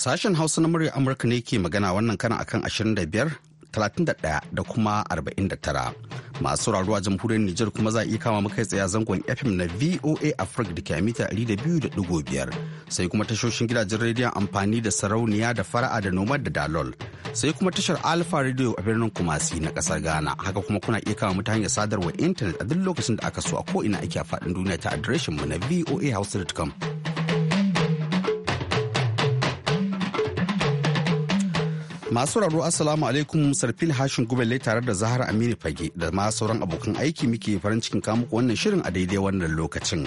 Sashen Hausa na murya Amurka ne ke magana wannan kana akan 25, 31 da kuma 49. Masu sauraro a jamhuriyar Nijar kuma za a iya kama makai tsaye zangon FM na VOA Africa da ke mita 200.5 sai kuma tashoshin gidajen rediyon amfani da sarauniya da fara'a da nomad da dalol sai kuma tashar Alfa Radio a birnin Kumasi na kasar Ghana haka kuma kuna iya kama mutane sadarwar intanet a duk lokacin da aka so a ko ina ake a faɗin duniya ta adireshin mu na voa hausa.com Masu raro Assalamu alaikum sarfin Hashin Gubelle tare da Zahra, Aminu Fage da ma sauran abokan aiki muke farin cikin kamuku wannan shirin a daidai wannan lokacin.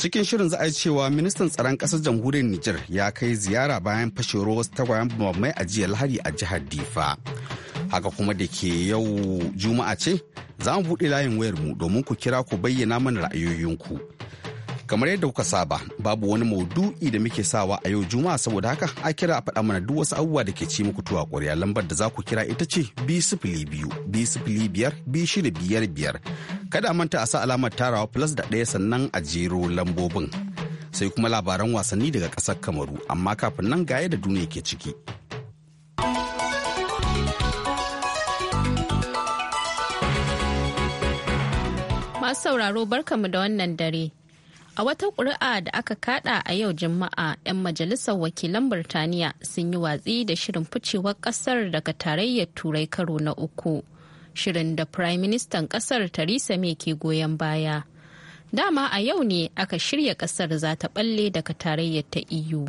Cikin shirin za a yi cewa ministan tsaron ƙasar jamhuriyar Nijar ya kai ziyara bayan fashewar wasu tagwayen bamamai a jiya Lahadi a jihar Difa. Haka kuma da ke yau Juma'a ce, za mu buɗe layin wayar mu domin ku kira ku bayyana mana ra'ayoyinku. kamar yadda kuka saba babu wani maudu'i da muke sawa a yau juma'a saboda haka a kira a faɗa mana duk wasu abubuwa da ke ci muku tuwa ƙwarya lambar da za ku kira ita ce b sifili biyu b sifili biyar b shida biyar biyar kada manta a sa alamar tarawa plus da ɗaya sannan a jero lambobin sai kuma labaran wasanni daga ƙasar kamaru amma kafin nan ga da duniya ke ciki masu sauraro barkamu da wannan dare A wata ƙuri'a da aka kada a yau Juma'a, 'yan majalisar wakilan Birtaniya sun yi watsi da shirin ficewar ƙasar daga tarayyar Turai karo na uku. Shirin da Prime Ministan ƙasar Theresa May ke goyon baya. Dama a yau ne aka shirya ƙasar za ta ɓalle daga tarayyar ta EU.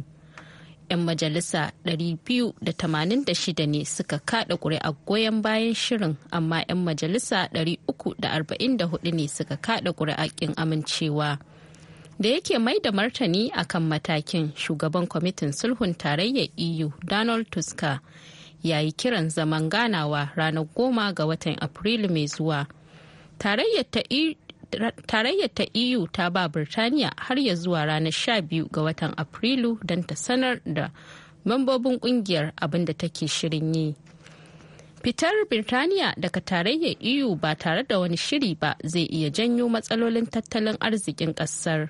'Yan majalisa 286 ne suka kada ƙuri'a goyon bayan shirin, amma 'yan majalisa 344 ne suka kada ƙuri'a ƙin amincewa. da yake mai da martani akan matakin shugaban kwamitin sulhun tarayyar eu donald tusk ya yi kiran zaman ganawa ranar goma ga watan afrilu mai zuwa tarayyar ta eu e ta ba birtaniya har ya zuwa ranar sha biyu ga watan afrilu don ta sanar da mambobin kungiyar abinda take shirin yi fitar birtaniya daga tarayyar eu ba tare da wani shiri ba zai iya janyo matsalolin tattalin arzikin kasar.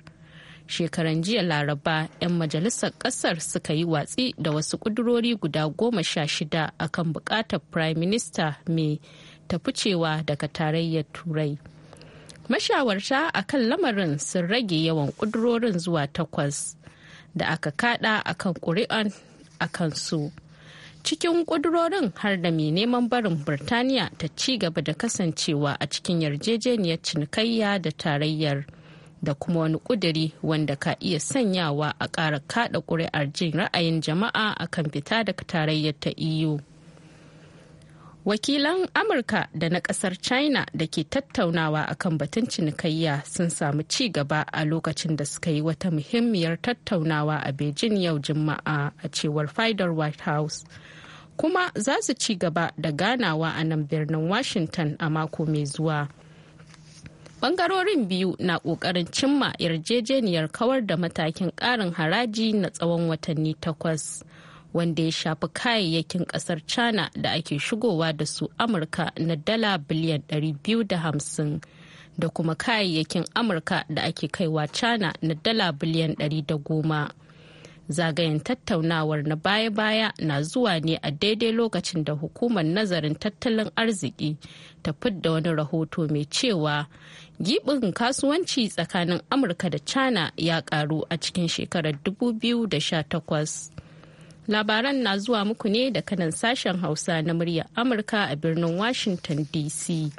shekaran jiya laraba 'yan majalisar kasar suka yi watsi da wasu kudurori guda goma sha shida akan bukatar prime minister mai tafi cewa daga tarayyar turai mashawarta akan lamarin sun rage yawan kudurorin zuwa takwas da aka kada akan kuri'an akan su cikin kudurorin har da mai neman barin birtaniya ta ci gaba da kasancewa a cikin yarjejeniyar cinikayya da tarayyar da kuma wani ƙudiri wanda ka iya sanyawa a ƙara kaɗa ƙuri'ar jin ra'ayin jama'a a kan fita daga tarayyar ta EU. wakilan amurka da na kasar china da ke tattaunawa akan batun cinikayya sun samu ci gaba a lokacin da suka yi wata muhimmiyar tattaunawa a beijing yau juma'a a cewar fidar white house kuma za su ci gaba da ganawa a nan birnin washington a mako mai zuwa Bangarorin biyu na kokarin cimma yarjejeniyar kawar da matakin karin haraji na tsawon watanni takwas. wanda ya shafi kayayyakin kasar china da ake shigowa da su amurka na dala biliyan 250 da kuma kayayyakin amurka da ake kaiwa china na dala biliyan 110 zagayen tattaunawar na baya-baya na zuwa ne a daidai lokacin da hukumar nazarin tattalin arziki ta fidda wani rahoto mai cewa gibin kasuwanci tsakanin amurka da china ya karu a cikin shekarar 2018 labaran na zuwa muku ne da kanan sashen hausa na murya amurka a birnin washington dc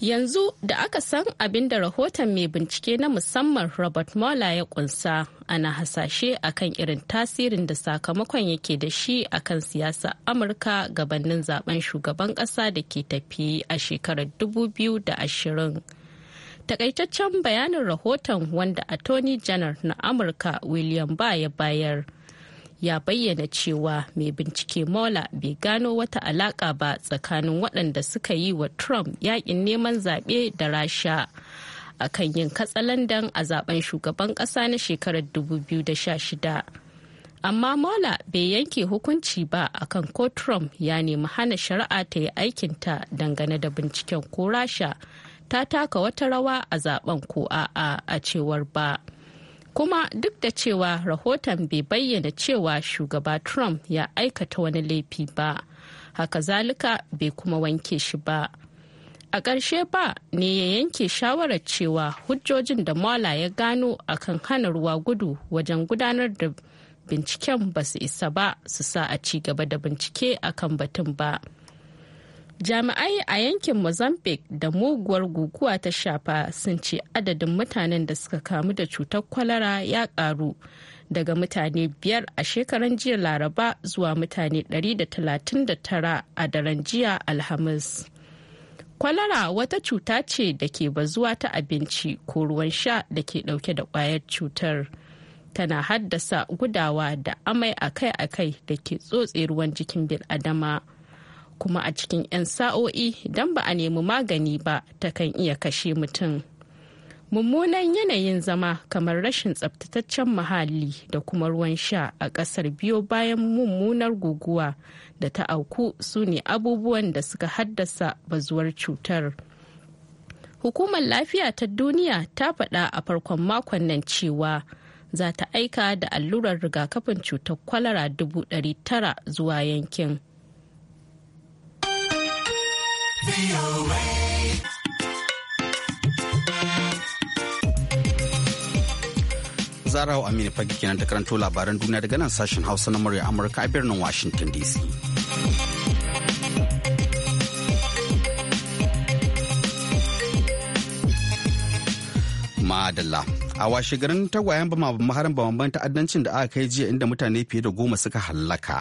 Yanzu da aka san abin da rahoton mai bincike na musamman Robert Mueller ya kunsa ana hasashe akan irin tasirin da sakamakon yake da shi akan siyasa Amurka gabanin zaben shugaban ƙasa da ke tafi a shekarar 2020. Takaitaccen bayanin rahoton wanda Attorney General na Amurka William Ba ya bayar. ya bayyana cewa mai bincike mola bai gano wata alaka ba tsakanin waɗanda suka yi wa Trump yakin neman zaɓe da Rasha. a kan yin katsalandan a zaben shugaban ƙasa na shekarar 2016. Amma Mola bai yanke hukunci ba akan ko Trump ya nemi hana shari'a ta yi aikinta dangane da binciken ko Rasha ta taka wata rawa a zaben ko a'a a cewar ba. kuma duk da cewa rahoton bai bayyana cewa shugaba trump ya aikata wani laifi ba haka zalika bai kuma wanke shi ba a ƙarshe ba ne ya yanke shawarar cewa hujjojin da mola ya gano akan hana ruwa gudu wajen gudanar da binciken ba su isa ba su sa a ci gaba da bincike akan batun ba. jami'ai a yankin mozambique da muguwar guguwa ta shafa sun ce adadin mutanen da suka kamu da cutar kwalara ya karu daga mutane biyar a shekaran jiya laraba zuwa mutane 139 a daren jiya alhamis kwalara wata cuta ce da ke bazuwa ta abinci ko ruwan sha da ke dauke da kwayar cutar tana haddasa gudawa da amai akai-akai da ke tsotse ruwan jikin bil'adama adama kuma a cikin 'yan sa'o'i don ba a nemi magani ba ta kan iya kashe mutum mummunan yanayin zama kamar rashin tsabtataccen muhalli da kuma ruwan sha a ƙasar biyo bayan mummunar guguwa da ta auku su ne abubuwan da suka haddasa bazuwar cutar hukumar lafiya ta duniya ta faɗa a farkon makon nan cewa za ta aika da allurar rigakafin cutar kwalara dubu tara zuwa yankin Zarawa Aminu fage kenan ta karanto labaran duniya daga nan sashen Hausa na murya Amurka a birnin Washington DC. Madalla. A washe garin tagwayen maharan ta ta'addancin da aka kai jiya inda mutane fiye da goma suka hallaka.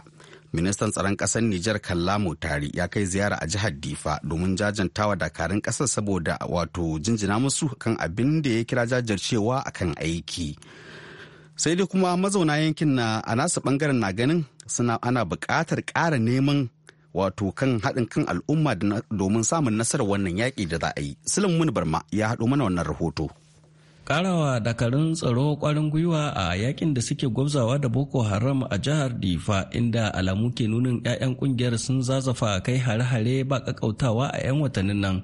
ministan tsaron ƙasar Nijar Kallamu Tari ya kai ziyara a jihar Difa domin jajantawa dakarun ƙasar saboda wato jinjina musu kan abin da ya kira jajircewa akan aiki. Sai dai kuma mazauna yankin na a nasu ɓangaren na ganin suna ana buƙatar ƙara neman wato kan haɗin kan al'umma domin samun nasarar wannan yaƙi da za a yi. Sulaimun Barma ya haɗo mana wannan rahoto. karawa dakarun tsaro kwarin gwiwa a yakin da suke gwabzawa da boko haram a jihar difa inda alamu ke nunin 'ya'yan kungiyar sun zazafa kai hare-hare ba kakautawa a 'yan watannin nan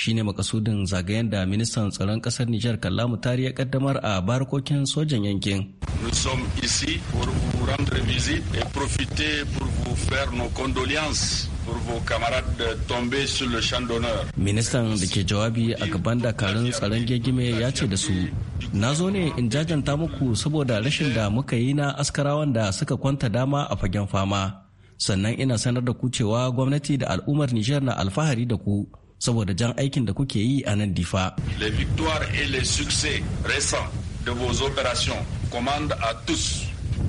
shine makasudin zagayen da ministan tsaron kasar Nijar Kallamu Tari ya kaddamar a barkokin sojan yankin. Nous sommes ici pour Ministan da ke jawabi a gaban dakarun tsaron gegime ya ce da su, na zo ne in jajanta muku saboda rashin da muka yi na askarawan da suka kwanta dama a fagen fama. Sannan ina sanar da ku cewa gwamnati da al'ummar Nijar na alfahari da ku saboda jan aikin da kuke yi a nan difa. le victoire et les succès récent de vos opérations commande à tous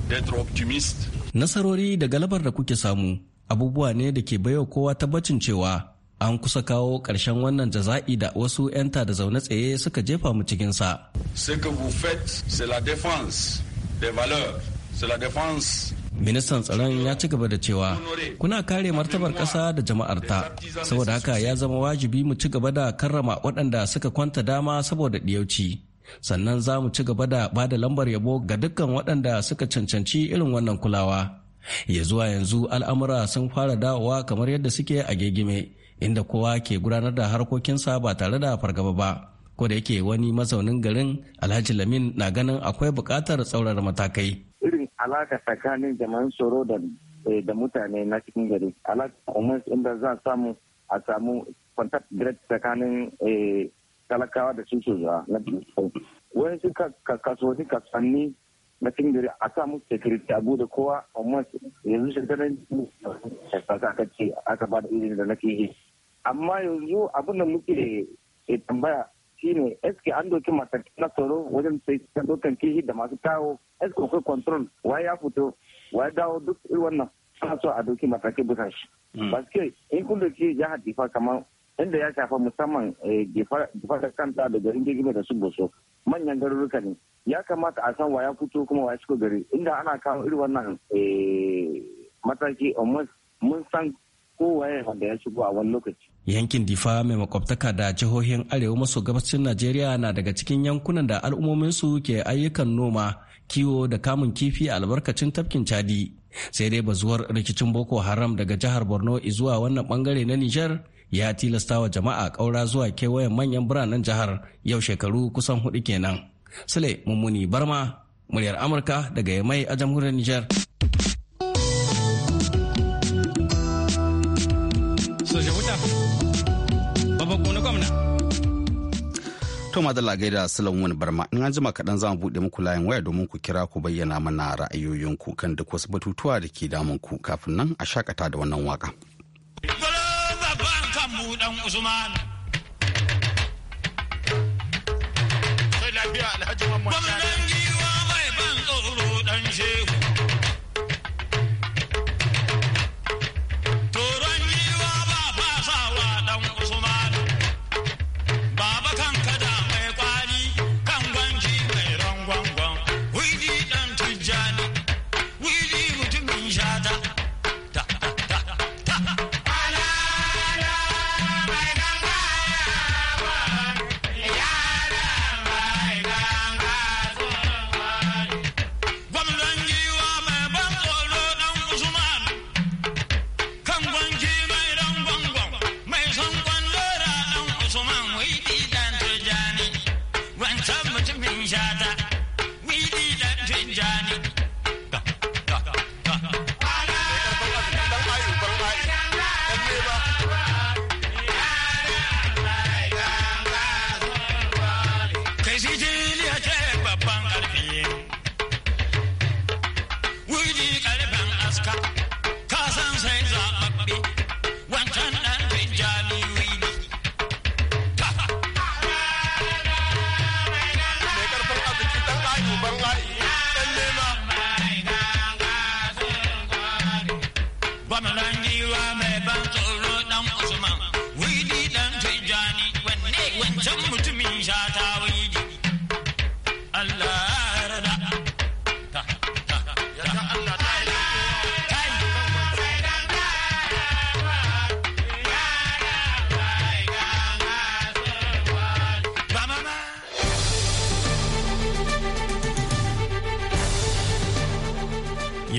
d'être optimistes. Nasarori da galabar da kuke samu abubuwa ne da ke baiwa kowa tabbacin cewa an kusa kawo ƙarshen wannan jaza'i da wasu yanta da zaune tsaye suka jefa mu cikinsa. Ce que vous faites, c'est la défense des valeurs, c'est la défense ministan tsaron ya ci gaba da cewa kuna kare martabar ƙasa da jama'arta saboda haka ya zama wajibi mu ci gaba da karrama waɗanda suka kwanta dama saboda ɗiyauci sannan za mu ci gaba da ba da lambar yabo ga dukkan waɗanda suka cancanci irin wannan kulawa ya zuwa yanzu al'amura sun fara dawowa kamar yadda suke a gegime inda kowa ke gudanar da harkokinsa ba tare da fargaba ba. ko da yake wani mazaunin garin alhaji lamin na ganin akwai bukatar tsaurar matakai. alaka tsakanin jama'an tsoro eh, da mutane na cikin gari alaka kuma inda za samu a samu contact direct tsakanin eh, talakawa da cikin sojawa na wani su kasuwanni kasuwanni na cikin gari a samu security abu da kowa umar yanzu shekarun aka ce aka ba da izini da na ke amma yanzu abin da muke eh, tambaya shine eske an doki matakai na tsaro wajen sai kan dokan kihi da masu kawo eske akwai control waye mm. ya fito waye dawo duk wannan suna so a doki matakai bisa shi baske in kun doki jihar difa kamar inda ya shafa musamman gefa eh, da kanta da garin girgime da su boso manyan garuruka ne ya kamata a san waya fito kuma waya shigo gari inda ana kawo irin wannan mataki mun san kowaye wanda ya shigo a wani lokaci yankin difa mai makwabtaka da jihohin arewa maso gabashin najeriya na daga cikin yankunan da al'ummominsu ke ayyukan noma kiwo da kamun kifi a albarkacin tafkin chadi sai dai bazuwar rikicin boko haram daga jihar borno zuwa wannan bangare na nijar ya tilasta wa jama'a ƙaura zuwa kewayen manyan biranen jihar yau shekaru kusan hudu kenan sule mummuni barma muryar amurka daga yamai a jamhuriyar nijar To madalla gaida Sulan wani barma in an jima kaɗan za mu buɗe muku layin waya domin ku kira ku bayyana mana ra'ayoyinku kan duk wasu batutuwa da ke damun ku kafin nan a shakata da wannan waka. Gwamnan giwa mai ban tsoro ɗan shehu. mutumin shata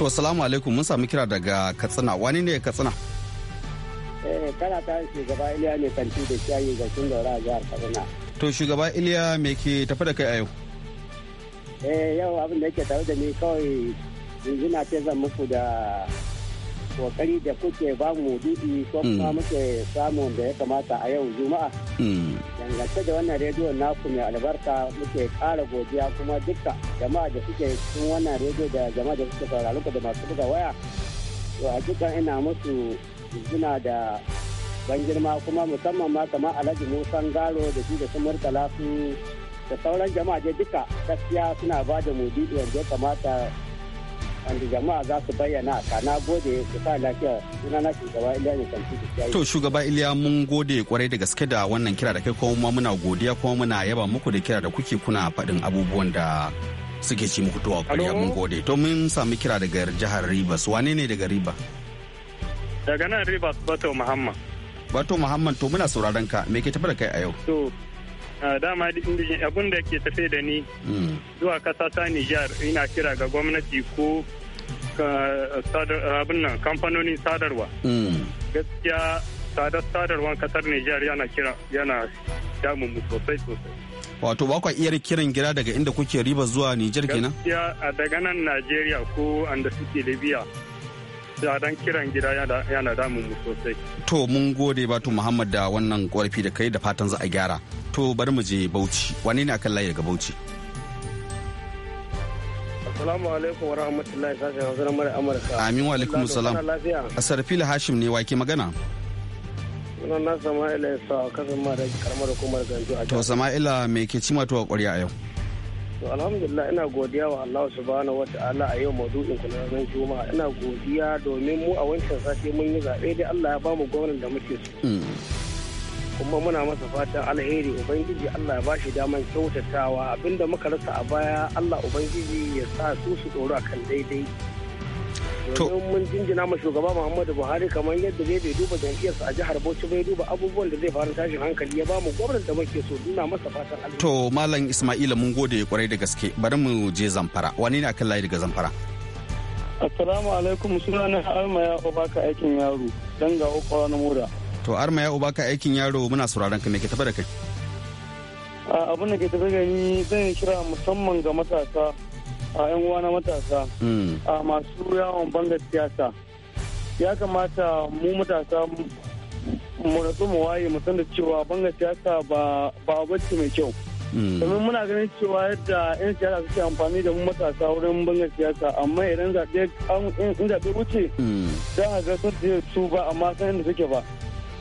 To salamu alaikum mun sami kira daga Katsina wani ne Katsina? Eh kana ta shugaba Iliya ne kanti da shayi ga cin daura jihar Katsina. To shugaba Iliya me ke tafi da kai a yau? Eh yau abin da yake tare da ni kawai yanzu na ce zan muku da kokari da kuke ba mu dubi ko hmm. kuma muke samun da ya kamata a yau juma'a hmm. dangance da wannan rediyon naku mai albarka muke ƙara godiya kuma dukka jama'a da suke cikin wannan rediyo da jama'a da suke sauraron da masu buga waya to a ina musu suna da ban girma kuma musamman ma kamar alhaji musan garo da shi da su murtala su da sauran jama'a da duka gaskiya suna ba da mudi ya kamata wanda jama'a za su bayyana ka na gode su sa lafiya suna na shugaba Iliya ne kan To shugaba Iliya mun gode kwarai da gaske da wannan kira da kai kuma muna godiya kuma muna yaba muku da kira da kuke kuna faɗin abubuwan da suke ci muku to a mun gode. To mun sami kira daga jihar Rivers wane ne daga Riba? Daga nan Rivers Bato Muhammad. Bato Muhammad to muna sauraron ka me ke tafi da kai a yau? To dama abin da ke tafe da ni hmm. zuwa kasa ta Nijar ina kira ga gwamnati ko kamfanonin sadarwa. Hmm. Gaskiya sadar sadarwar kasar Nijar yana kira yana damun sosai sosai. Wato ba kwa iya kiran gida daga inda kuke riba zuwa Nijar kenan? Gaskiya daga nan Najeriya ko anda suke Libya. ya dan kiran gida yana damun mu sosai to mun gode ba to muhammad da wannan korafi da kai da fatan za a gyara to bari mu je bauchi wane ne akan layi daga bauchi Assalamu alaikum wa rahmatullahi sashen Hausa na mara Amurka. Amin wa alaikum salam. Sarfila Hashim ne wake magana. Sunan na Sama'ila ya sa kasan ma da karamar hukumar Ganjo a To Sama'ila me ke cima tuwa ƙwarya a yau? To alhamdulillah ina godiya wa Allah subhanahu wa ta'ala a yau maudu'in ku na ranar Juma'a ina godiya domin mu a wancan safe mun yi zaɓe dai Allah ya ba mu gwamnan da muke so. Hmm. Kuma muna masa fatan alheri Ubangiji Allah ya bashi daman kyautatawa abinda muka rasa a baya Allah Ubangiji ya sa su su tsoro kan daidai. domin mun jinjina ma shugaba muhammadu buhari kamar yadda zai bai duba jam'iyyarsa a jihar bauchi bai duba abubuwan da zai faru tashin hankali ya bamu gwamnati da muke so nuna masa fatan alheri to malam ismaila mun gode kwarai da gaske bari mu je zamfara wani ne akan layi daga zamfara assalamu alaikum sunana arma ya ubaka aikin yaro dan ga uku na mura to arma ya ubaka aikin yaro muna sauraron ka me ke tafa da kai abin da ke tafi gani zan kira musamman ga matasa a 'yan uwana matasa hmm. a masu yawon banga siyasa ya kamata mu matasa mu natsu mu waye mu san da cewa banga siyasa ba a ce mai kyau hmm. domin muna ganin cewa yadda 'yan siyasa suke amfani da mu matasa wurin banga siyasa amma idan zaɓe in zaɓe wuce hmm. za a ga sun su ba amma san yadda suke ba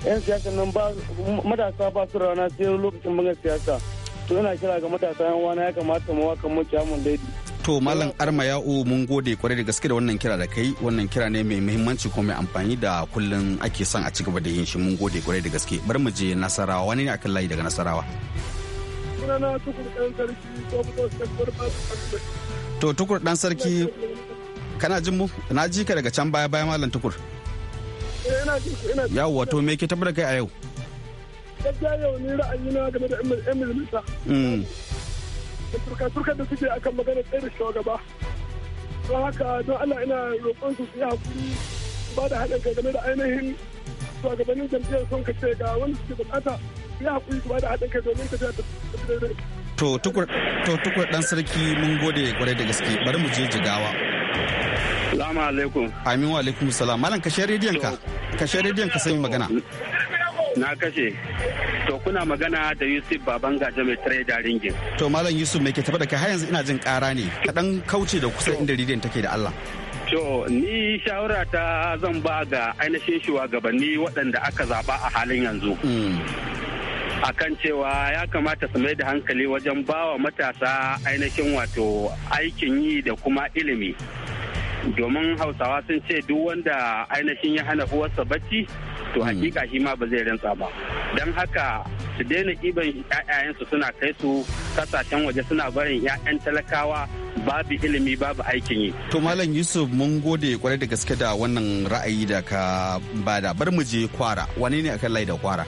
'yan siyasa nan ba matasa ba su rana sai lokacin banga siyasa to yana kira ga matasa yan wana ya kamata mu waka mu kyamun daidai to malam arma ya'u mun gode kwarai da gaske da wannan kira da kai wannan kira ne mai muhimmanci ko mai amfani da kullun ake son a cigaba da yin shi mun gode kwarai da gaske bar mu je nasarawa wani ne akan layi daga nasarawa to tukur dan sarki kana jin mu na ji ka daga can baya baya malam tukur eh, ya wato me ke tabbata kai a yau yau ni ra'ayina game da da turka-turkar da suke akan magana tsaye da shugaba don haka don allah ina roƙon su su yi hakuri ba da haɗin kai game da ainihin shugabannin jam'iyyar son ka ce ga wanda suke bukata su yi hakuri su ba da haɗin kai domin tafiya ta daidai. to tukur dan sarki mun gode kwarai da gaske bari mu je jigawa. Salamu alaikum. Amin wa alaikum salam. Malam ka share rediyon ka. Ka share rediyon ka sai magana. na kashe to kuna magana da yusuf baban gaja mai da ringin to malam yusuf mai ke tafi da kai har yanzu ina jin kara ne kaɗan kauce da kusa inda ridiyan take da allah To ni shawara ta zan ba ga ainihin shugabanni waɗanda aka zaɓa a halin yanzu. Hmm. akan cewa ya kamata su mai da hankali wajen bawa matasa ainihin wato aikin yi da kuma ilimi. domin hausawa sun ce duk wanda ainihin ya hana uwarsa bacci to hmm. hakika shi ma ba zai rantsa ba don haka su daina iban 'ya'yansu suna kai su kasashen waje suna barin 'ya'yan talakawa babu ilimi babu aikin yi. To Malam Yusuf mun gode kwarai da gaske da wannan ra'ayi da ka bada bar mu je kwara wani ne akan lai da kwara?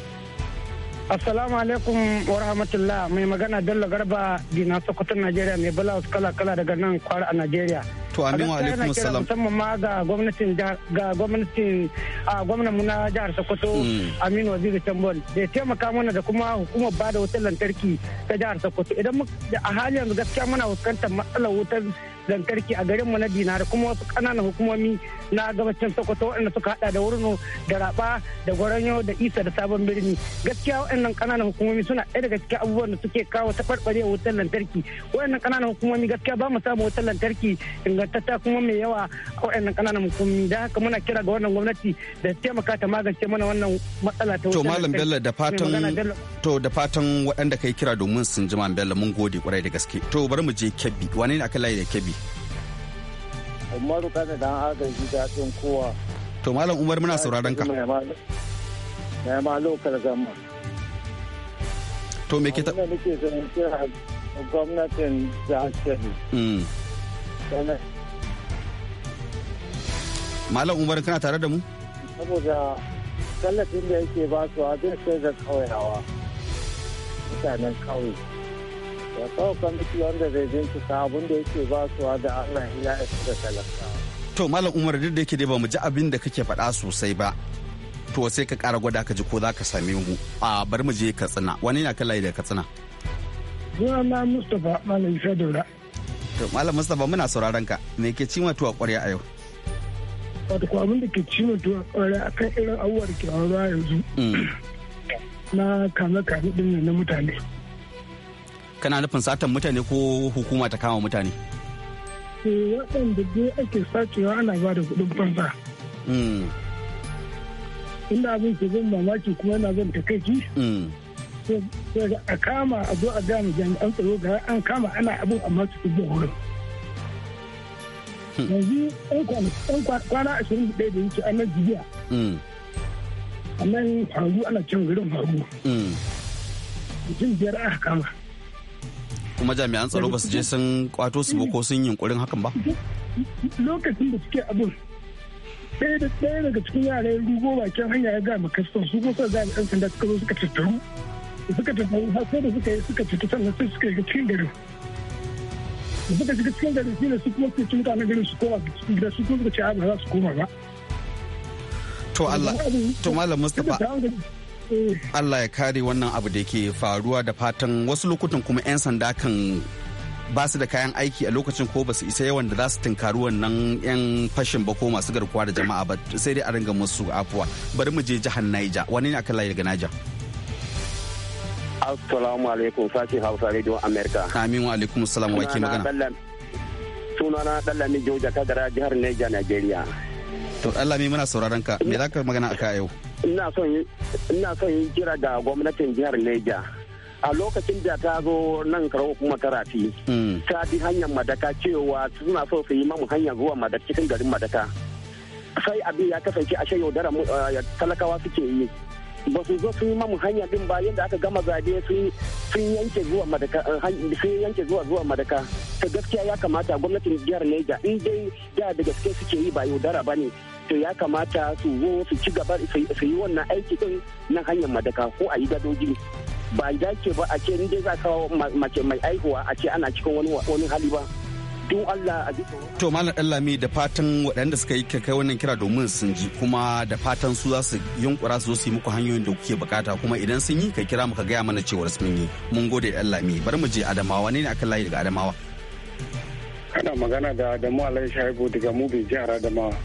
Assalamu alaikum wa rahmatullah mai magana Bello Garba Dina Sokoton Najeriya mai bala kala kala daga nan kwara a Najeriya. to amin wa alaikum salam musamman ma ga gwamnatin ga gwamnatin a gwamnan mu na jihar Sokoto mm. Aminu Waziri Tambol da taimaka mana da kuma hukumar bada wutar lantarki ta jihar Sokoto idan a halin yanzu gaskiya muna fuskantar matsalar wutar lantarki a garin mu na Dinare kuma wasu kananan hukumomi na gabacin Sokoto waɗanda suka hada da Wurno da Raba da Goranyo da Isa da Sabon Birni gaskiya waɗannan kananan hukumomi suna ɗaya daga cikin abubuwan da suke kawo taɓarɓarewar wutar lantarki waɗannan kananan hukumomi gaskiya ba mu samu wutar lantarki ingantacce kuma mai yawa a waɗannan ƙananan hukumomi da haka muna kira ga wannan gwamnati da taimaka ta magance mana wannan matsala ta to malam bello da fatan to da fatan waɗanda kai kira domin sun ji malam bello mun gode kwarai da gaske to bari mu je kebbi wane ne aka layi da kebbi umaru kana dan agaji da tun kowa to malam umar muna sauraron ka na ma lokal gama to me ke ta gwamnatin da ake ne malam umar kana tare da mu saboda tallafin da yake ba su a zai sai da kauyawa mutanen kawai da kawo kwamiti wanda zai bincika abin da yake ba su da allah ila da talaka to malam umar duk da yake dai ba mu ji abin da kake faɗa sosai ba to sai ka ƙara gwada ka ji ko za ka same mu a bar mu je katsina wani na kan layi da katsina sunana mustapha malam isa daura to malam mustapha muna sauraron ka me ke cimatuwa ƙwarya a yau wato ko abin da ke ci mutum a kan irin abubuwa da ke faruwa yanzu mm. na kame-kame din na mutane kana nufin satan mutane ko hukuma ta kama mutane eh, waɗanda dai ake sacewa ana ba da kuɗin fansa mm. inda abin ke zan mamaki kuma yana zan takaici mm. sai a kama a zo a gama jami'an tsaro ga an kama ana abin amma su fi wurin yanzu yan kwana ashirin da ɗaya da yake mm. a nan jibiya a nan faru ana can garin faru mm. mutum biyar aka kama kuma jami'an tsaro ba su je sun kwato su ba ko sun yunkurin hakan ba lokacin da suke abin ɗaya ɗaya daga cikin yara ya rugo bakin hanya ya gama kastan su kusa da ɗan sanda suka zo suka tattaru suka tattaru har sai da suka yi suka tattaru sannan sai suka yi cikin garin to Allah to malam Mustapha eh. Allah ya kare wannan abu da ke faruwa da fatan wasu lokutan kuma 'yan sanda kan ba su da kayan aiki a lokacin ko ba su isa yawan da za su tunkari wannan 'yan fashin ba ko masu garkuwa da jama'a ba sai dai a ringa musu afuwa bari mu je jihar Niger wani ne aka layi daga Niger Assalamu alaikum sashen Hausa Radio America. Amin wa alaikum salam wa ke magana. Sunana Dallami Joja Kadara jihar Niger Nigeria. To Dallami muna sauraron ka me za ka magana a yau? Ina son yi kira ga gwamnatin jihar Niger. a lokacin da ta zo nan karo kuma karafi hmm. ta bi hanyar madaka cewa suna so su yi mamu hanyar zuwa madaka cikin garin madaka sai abin ya kasance a shayo dara eh, talakawa suke yi ba su zo sun yi mamu hanya din ba yadda aka gama zabe sun yanke zuwa madaka eh, sun yanke zuwa zuwa madaka ta gaskiya ya kamata gwamnatin jihar Niger in dai da da gaske suke yi ba yaudara ba ne to ya kamata su zo su ci gaba su yi wannan aiki din na hanyar madaka ko a yi gadoji ba dace ba a ce in dai za kawo mace mai aihuwa a ce ana cikin wani hali ba. don Allah a ji to malam Dallami da fatan waɗanda suka yi kai wannan kira domin sun ji kuma da fatan su za su yunkura su zo su yi muku hanyoyin da kuke bukata kuma idan sun yi ka kira muka gaya mana cewar sun yi mun gode Dallami bari mu je Adamawa ne akan layi daga Adamawa kana magana da Adamu Alayi Shaibu daga Mubi jihar Adamawa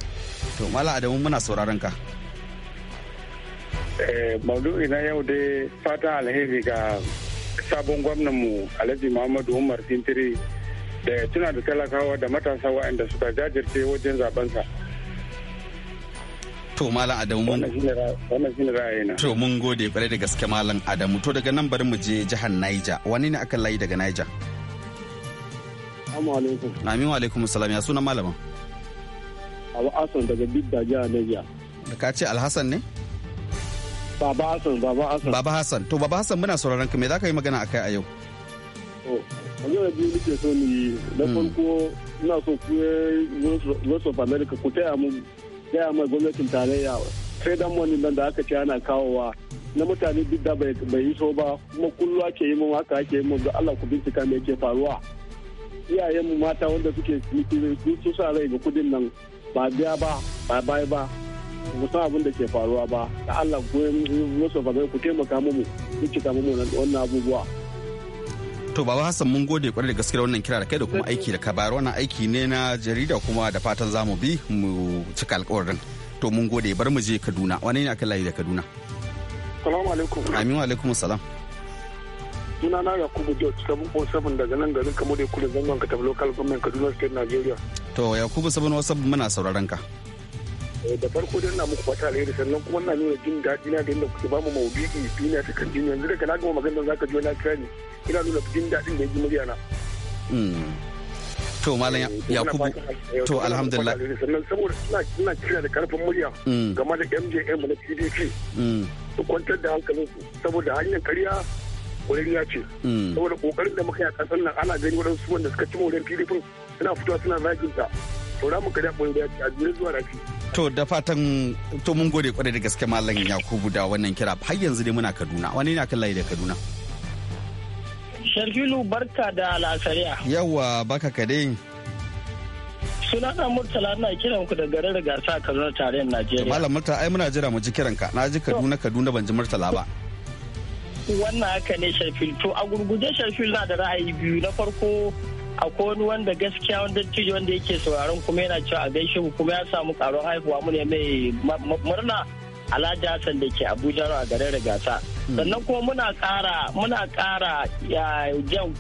to malam Adamu muna sauraron ka eh, maudu'i na yau dai fatan alheri ga sabon gwamnan mu alhaji muhammadu umar sintiri da ya tuna da talakawa da matasa waɗanda suka jajirce wajen zabensa. To Malam Adamu mun To mun gode kwarai da gaske Malam Adamu to daga nan bari mu je jihar Niger wani ne aka layi daga Niger? Assalamu alaikum. Amin alaikum salam ya suna malama. Abu Hassan daga Bidda jihar Niger. Da ka ce Alhassan ne? Baba Hassan, Baba Hassan. Baba Hassan, to Baba Hassan muna sauraron ka me za ka yi magana akai a yau? a yau biyu nake so ni na farko ina so ku Voice of America ku taya mu taya mai gwamnatin tarayya sai dan wani nan da aka ce ana kawowa na mutane duk da bai yi so ba kuma kullu ake yi mu haka ake yi mu ga Allah ku bincika me yake faruwa iyayenmu mata wanda suke su sa rai ga kudin nan ba biya ba ba bai ba mu san abin da ke faruwa ba da Allah ku wasu ba ku taimaka mu mu cika mu wannan abubuwa To Baba Hassan mun gode kwarai da gaske da wannan kira da kai da kuma aiki da ka bayar wannan aiki ne na jarida kuma da fatan za mu bi mu cika alkawarin. To mun gode bar mu je Kaduna wani ne akan layi da Kaduna. Salamu alaikum. Amin wa alaikum salam. Suna na Yakubu George sabon ko sabon daga nan garin kula Kulu zangon Katab Local Government Kaduna State Nigeria. To Yakubu sabon wasu muna sauraron ka. Eh, da farko dai na muku fata alheri sannan kuma na nuna jin daɗi na da yadda kuke bamu maudu'i duniya ta kan jinya yanzu daga na gama maganar ka ji na kira ne ina nuna jin daɗin da ya ji murya na. Hmm. to malam eh, yakubu to alhamdulillah sannan saboda ina kira da karfin murya hmm. game da mjm na pdp su hmm. kwantar da hankalinsu saboda hanyar karya ƙwararriya ce saboda ƙoƙarin da muka yi a ƙasar nan ana gani waɗansu wanda suka ci moriyar pdp suna fitowa suna zagin ta to da zuwa to da fatan to mun gode kwarai da gaske Malam Yakubu da wannan kira har yanzu dai muna Kaduna wani na kan layi da Kaduna Sharfilu barka da alasariya. yawa baka ka suna na murtala na kiran ku da garin gasa a tare da najeriya malam murtala ai muna jira mu ji kiran ka na ji kaduna kaduna ban ji murtala ba wannan haka ne sharfil to a gurguje sharfil na da ra'ayi biyu na farko akwai wani wanda gaskiya wanda cijo wanda yake sauraron kuma yana cewa a gaishe mu kuma ya samu karo haihuwa mu ne mai murna Alhaji Hassan da ke Abuja a garin Rigasa. Hmm. Sannan kuma muna kara muna ya jan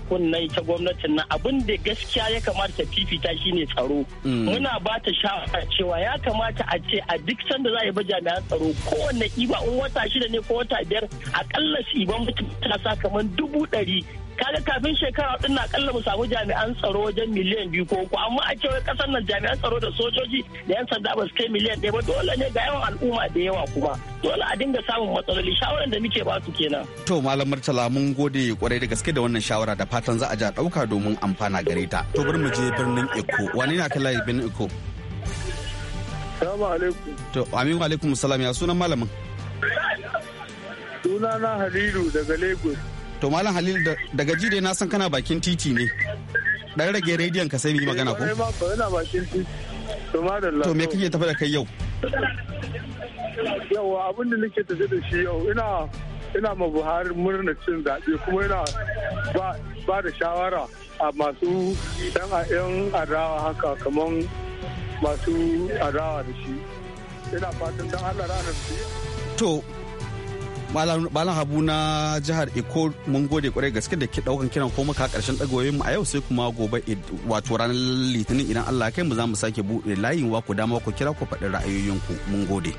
ta gwamnatin nan abin da gaskiya ya kamata ta fifita shine tsaro. Hmm. Muna ba ta shawara cewa ya kamata a ce a duk sanda za a yi ba jami'an tsaro kowanne iba in wata shida ne ko wata biyar akalla su iban sa kamar dubu ɗari kaga kafin shekara din na kalla mu samu jami'an tsaro wajen miliyan biyu ko uku amma a cewa kasar nan jami'an tsaro da sojoji da yan sanda ba su kai miliyan ɗaya ba dole ne ga yawan al'umma da yawa kuma dole a dinga samun matsaloli shawaran da muke ba su kenan. to malam murtala mun gode kwarai da gaske da wannan shawara da fatan za a ja ɗauka domin amfana gare ta to bari mu je birnin eko wani na kalla birnin eko. Salamu alaikum. To, amin alaikum salam ya sunan malamin. Sunana Halilu daga Lagos. to malam halil daga ji dai na san kana bakin titi ne dan rage rediyon ka sai mu yi magana ko to me kake tafi da kai yau yau abin da nake tafi da shi yau ina ina ma buhari murna cin zaɓe kuma ina ba da shawara a masu yan adawa haka kaman masu adawa da shi ina fatan dan allah ranar to Malam Habu na jihar Eko mun gode kwarai gaske da ke daukan kiran ko muka karshen dagoyin mu a yau sai kuma gobe wato ranar Litinin idan Allah kai mu za mu sake bude layin wa ku dama ku kira ku faɗi ra'ayoyinku mun gode.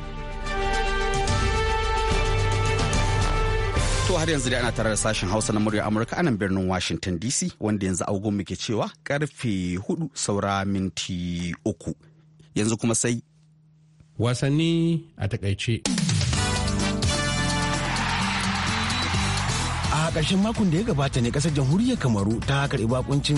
To har yanzu dai ana tare da sashen Hausa na murya Amurka anan birnin Washington DC wanda yanzu agogon muke cewa karfe hudu saura minti uku. Yanzu kuma sai. Wasanni a takaice. a ƙarshen makon da ya gabata ne ƙasar jamhuriyar kamaru ta karɓi bakuncin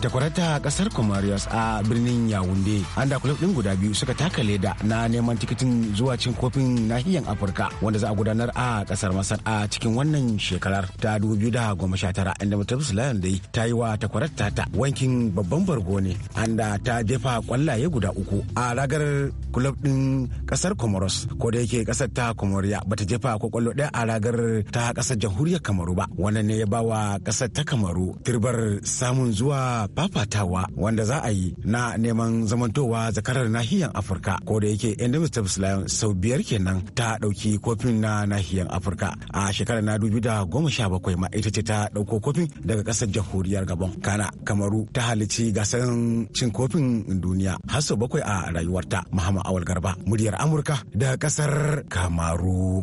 takwarata ƙasar comarius a birnin yawunde an da kulub ɗin guda biyu suka taka leda na neman tikitin zuwa cin kofin nahiyar afirka wanda za a gudanar a ƙasar masar a cikin wannan shekarar ta 2019 inda mutum lion dai ta yi wa takwarata ta wankin babban bargo ne an da ta jefa kwallaye guda uku a ragar kulub ɗin ƙasar comoros ko da yake ƙasar ta ba bata jefa ko kwallo ɗaya a ragar ta ƙasar jamhuriyar kamaru kamaru ba wannan ne ya ba wa ƙasar ta kamaru turbar samun zuwa fafatawa wanda za a yi na neman zamantowa zakarar nahiyar afirka ko da yake endemis tabs lion sau biyar kenan ta ɗauki kofin na nahiyar afirka a shekarar na dubi da goma sha bakwai ma ita ce ta ɗauko kofin daga ƙasar jamhuriyar gabon kana kamaru ta halici gasar cin kofin duniya har sau bakwai a rayuwarta muhammad awal garba muryar amurka da ƙasar kamaru.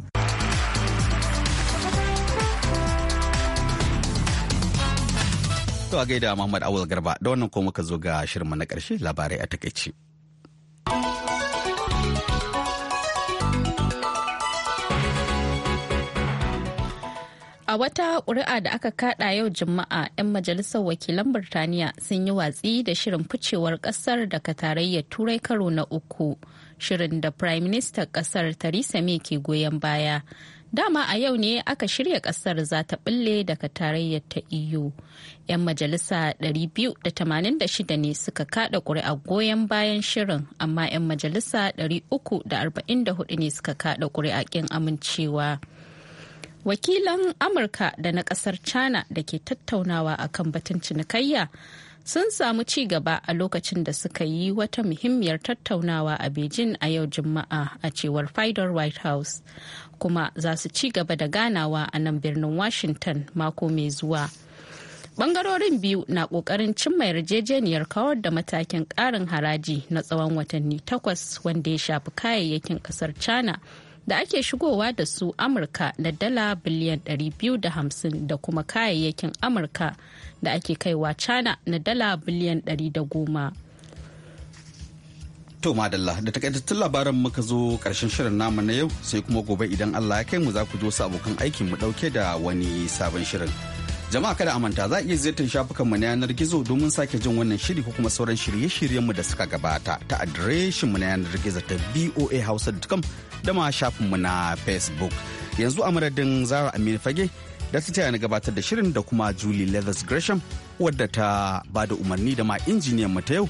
To a gaida Muhammad Awul Garba da wannan kuma muka zo ga shirinmu na ƙarshe labarai a takaice. A wata ƙuri'a da aka kaɗa yau Juma'a 'yan majalisar wakilan Birtaniya sun yi watsi da shirin ficewar ƙasar daga tarayyar Turai karo na uku, shirin da Prime Minister ƙasar Theresa May ke goyon baya dama a yau ne aka shirya kasar za ta bulle daga tarayyar ta eu yan majalisa 286 ne suka kada kuri'a goyon bayan shirin amma yan majalisa 344 ne suka kada kuri'a kin amincewa wakilan amurka da na kasar china da ke tattaunawa akan batun cinikayya sun samu ci gaba a lokacin da suka yi wata muhimmiyar tattaunawa a Beijing a yau Juma'a a cewar Fidor White House, kuma za su ci gaba da ganawa a nan birnin Washington mako mai zuwa. Bangarorin biyu na ƙoƙarin cimma yarjejeniyar kawar da matakin ƙarin haraji na tsawon watanni takwas wanda ya shafi kayayyakin ƙasar China da ake shigowa da su amurka na dala biliyan 250 da kuma kayayyakin amurka da ake kaiwa china na dala biliyan 110 to madalla da takaitattun labaran muka zo karshen shirin namu na yau sai kuma gobe idan allah ya kai mu za ku ji wasu abokan aikin mu dauke da wani sabon shirin jama'a kada a manta za a iya ziyartar shafukanmu na yanar gizo domin sake jin wannan shiri ko kuma sauran shirye shiryen mu da suka gabata ta mu na yanar gizo ta voahausa.com da ma shafinmu na facebook yanzu a madadin zara aminu fage da ta na gabatar da shirin da kuma julie leathers gresham wadda ta ba da umarni da ma injiniyan mu ta yau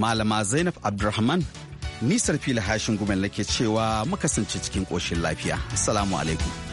malama zainab abdulrahman nisar fila hashin gumen lake cewa muka kasance cikin koshin lafiya assalamu alaikum